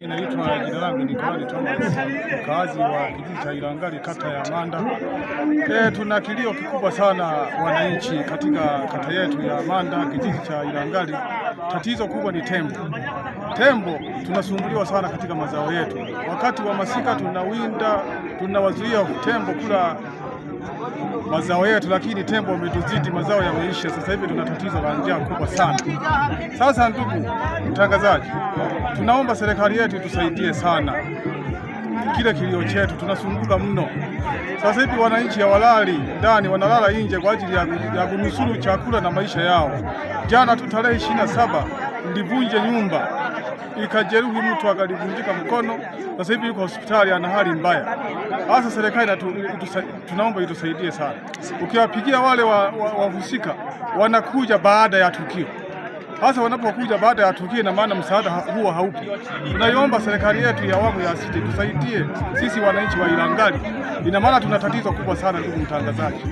Inaitwa jina langu ni Kawani Thomas, mkazi wa kijiji cha Ilangali, kata ya Manda. E, tuna kilio kikubwa sana wananchi katika kata yetu ya Manda, kijiji cha Ilangali. Tatizo kubwa ni tembo. Tembo tunasumbuliwa sana katika mazao yetu. Wakati wa masika tunawinda, tunawazuia tembo kula mazao yetu, lakini tembo umetuzidi, mazao yameisha. Sasa hivi tuna tatizo la njaa kubwa sana. Sasa ndugu mtangazaji, tunaomba serikali yetu tusaidie sana kile kilio chetu, tunasumbuka mno. Sasa hivi wananchi hawalali ndani, wanalala nje kwa ajili ya kunusuru chakula na maisha yao. Jana tu tarehe ishirini na saba ndivunje nyumba ikajeruhi mtu akalivunjika mkono, sasa hivi yuko hospitali, ana hali mbaya. Hasa serikali tunaomba itusaidie sana. Ukiwapigia wale wahusika wa, wa wanakuja baada ya tukio hasa wanapokuja baada ya tukio, na maana msaada huwa haupo. Tunaiomba serikali yetu ya awamu ya sita tusaidie sisi wananchi wa Ilangali, ina maana tuna tatizo kubwa sana, ndugu mtangazaji.